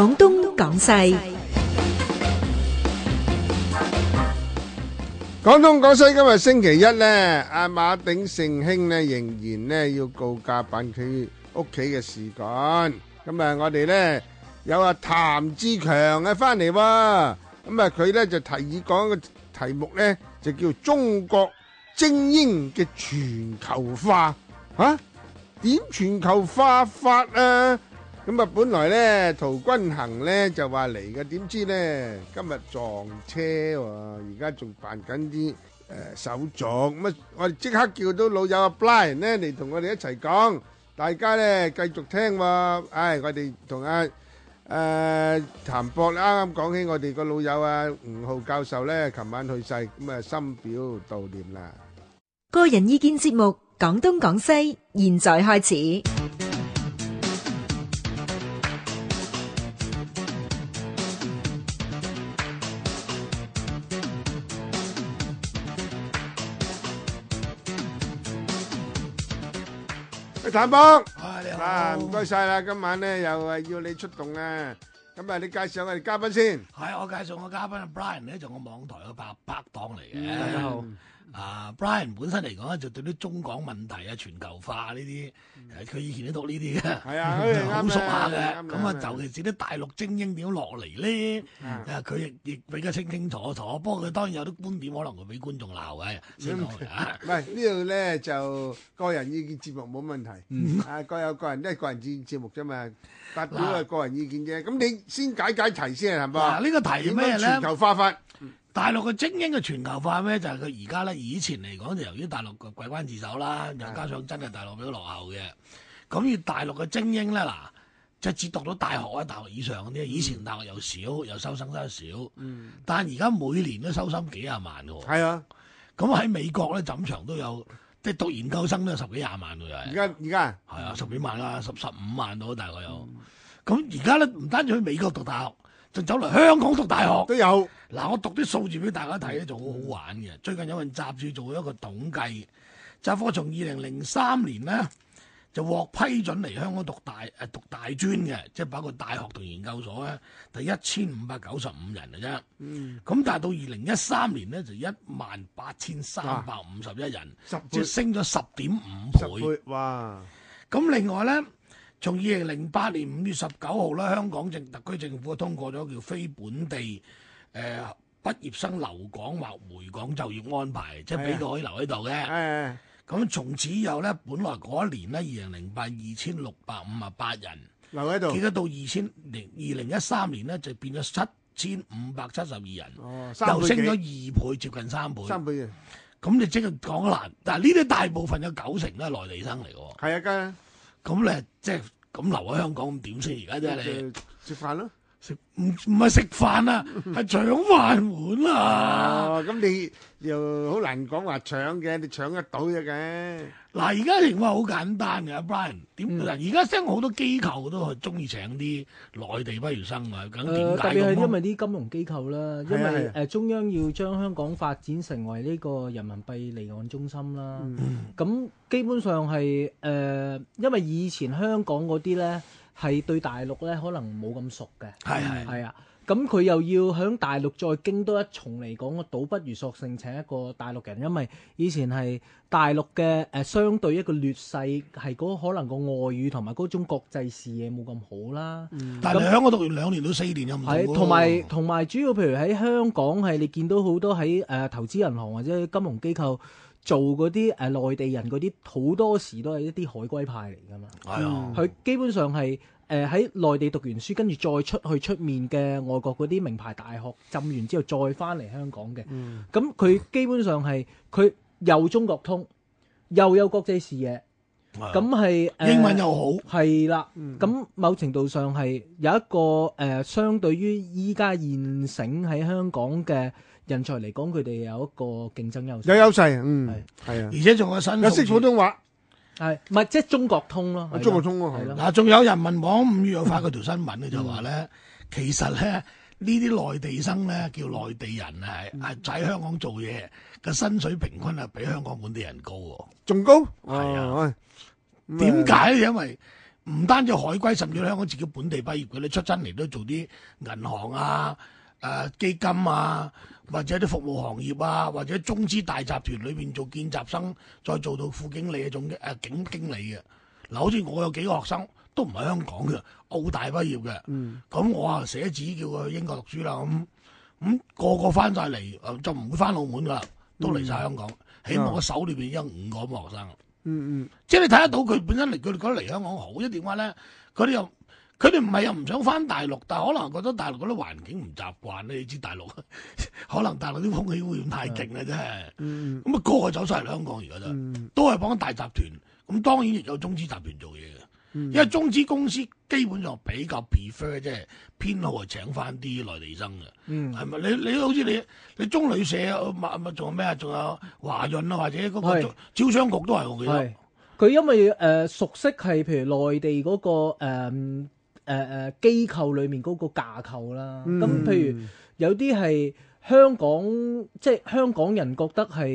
廣東廣西，廣東廣西，今日星期一咧，阿馬鼎盛兄咧仍然咧要告假辦佢屋企嘅事，干咁啊！我哋咧有阿譚志強啊翻嚟，咁啊佢咧就提議講個題目咧就叫中國精英嘅全球化啊？點全球化法啊？咁啊，本來咧陶君行咧就話嚟嘅，點知咧今日撞車，而家仲辦緊啲誒手續。咁啊，我哋即刻叫到老友阿 Brian 咧嚟同我哋一齊講，大家咧繼續聽喎。唉，我哋同阿誒譚博啱啱講起我哋個老友阿吳浩教授咧，琴晚去世，咁啊深表悼念啦。個人意見節目，講東講西，現在開始。譚邦，哎、你好啊唔該晒啦，今晚咧又係要你出動啊！咁啊，你介紹我哋嘉賓先。係、哎，我介紹我嘉賓啊，Brian 咧就我網台嘅拍拍檔嚟嘅。大家、嗯、好。啊、uh，Brian 本身嚟講咧，就對啲中港問題啊、全球化呢啲，佢、嗯啊、以前都讀呢啲嘅，係啊，好 熟下嘅。咁啊，尤其是啲大陸精英點落嚟咧，啊，佢亦亦比較清清楚楚。嗯、不過佢當然有啲觀點，可能會俾觀眾鬧嘅。先講嚇，喂、嗯， 呢度咧就個人意見節目冇問題，嗯、啊，各有各人，都係個人節節目啫嘛，達到個個人意見啫。咁你先解解題先係嘛？呢個題咩咧？全球化法。大陸嘅精英嘅全球化咩？就係佢而家咧，以前嚟講就由於大陸閉關自首啦，的又加上真係大陸比較落後嘅，咁而大陸嘅精英咧嗱，就只讀到大學啊，大學以上嗰啲，以前大學又少，又收生得少，少，嗯、但係而家每年都收生幾廿萬喎。係啊的，咁喺美國咧，枕長都有，即係讀研究生都有十幾廿萬喎，而家而家係啊，十幾萬啦，十十五萬到，大概有。咁而家咧唔單止去美國讀大學，就走嚟香港讀大學都有嗱、啊，我讀啲數字俾大家睇咧就好好玩嘅。嗯、最近有個人雜誌做咗一個統計，就係、是、從二零零三年呢，就獲批准嚟香港讀大誒、啊、讀大專嘅，即係包括大學同研究所咧，第一千五百九十五人嘅啫。嗯，咁但係到二零一三年呢，就一萬八千三百五十一人，哇即係升咗十點五倍。十倍哇！咁另外咧。從二零零八年五月十九號啦，香港政特區政府通過咗叫非本地誒、呃、畢業生留港或回港就業安排，哎、呀即係俾佢可以留喺度嘅。咁、哎、呀從此以後咧，本來嗰一年呢，二零零八二千六百五十八人留喺度，結果到二千零二零一三年呢，就變咗七千五百七十二人，哦、又升咗二倍，接近三倍。咁你即係講難，但係呢啲大部分有九成都係內地生嚟㗎。係啊，家。咁你即係咁留喺香港咁點先？而家即係你食飯咯。食唔，唔係食飯啊，係搶飯碗啊！咁、哦、你又好難講話搶嘅，你搶得到嘅。嗱，而家情況好簡單嘅，Brian 點啊？而家香港好多機構都係中意請啲內地畢業生，啊，咁點解？呃、係因為啲金融機構啦，因為誒、啊啊呃、中央要將香港發展成為呢個人民幣離岸中心啦。咁、嗯嗯、基本上係誒、呃，因為以前香港嗰啲咧。係對大陸咧，可能冇咁熟嘅。係係係啊，咁佢又要喺大陸再經多一重嚟講，倒不如索性請一個大陸人，因為以前係大陸嘅誒、呃、相對一個劣勢，係可能個外語同埋嗰種國際視野冇咁好啦。嗯、那但係香港讀完兩年到四年到有唔同。係同埋同埋主要，譬如喺香港係你見到好多喺誒、呃、投資銀行或者金融機構。做嗰啲誒內地人嗰啲好多時都係一啲海歸派嚟㗎嘛，係啊、哎呀，佢基本上係誒喺內地讀完書，跟住再出去出面嘅外國嗰啲名牌大學浸完之後，再翻嚟香港嘅，咁佢、嗯、基本上係佢又中國通，又有國際視野，咁係、哎呀呃、英文又好，係啦，咁、嗯、某程度上係有一個誒、呃、相對於依家現成喺香港嘅。人才嚟講，佢哋有一個競爭優勢，有優勢，嗯，係係啊，的而且仲有新，識普通話，係唔係即係中國通咯？中國通咯，係啦的。嗱的，仲有人民網五月有發嗰條新聞咧，就話咧，其實咧呢啲內地生咧叫內地人係係喺香港做嘢，個薪水平均係比香港本地人高喎，仲高，係啊，點解？因為唔單止海歸，甚至香港自己本地畢業嘅，你出親嚟都做啲銀行啊。誒、啊、基金啊，或者啲服務行業啊，或者中資大集團裏邊做見習生，再做到副經理、總誒、啊、經理嘅。嗱，好似我有幾個學生都唔喺香港嘅，澳大畢業嘅。嗯。咁我啊寫紙叫佢去英國讀書啦。咁、嗯、咁、嗯、個個翻晒嚟，就唔會翻澳門噶啦，都嚟晒香港。嗯、起碼我手裏邊有五個咁嘅學生。嗯嗯。嗯即係你睇得到佢本身嚟，佢哋覺得嚟香港好，即係點解咧？佢哋又。佢哋唔係又唔想翻大陸，但係可能覺得大陸嗰啲環境唔習慣咧。你知大陸，可能大陸啲空氣污染太勁啦，真係的。咁啊、嗯，個個走晒嚟香港，而家都都係幫大集團。咁當然亦有中資集團做嘢嘅，嗯、因為中資公司基本上比較 prefer，即係偏好係請翻啲內地生嘅。係咪、嗯？你你好似你你中旅社，咪仲有咩啊？仲有華潤啊，或者嗰個的招商局都係我記得。佢的因為誒、呃、熟悉係譬如內地嗰、那個、嗯誒誒機構裏面嗰個架構啦，咁，嗯，譬如有啲係香港，即、就、係、是、香港人覺得係。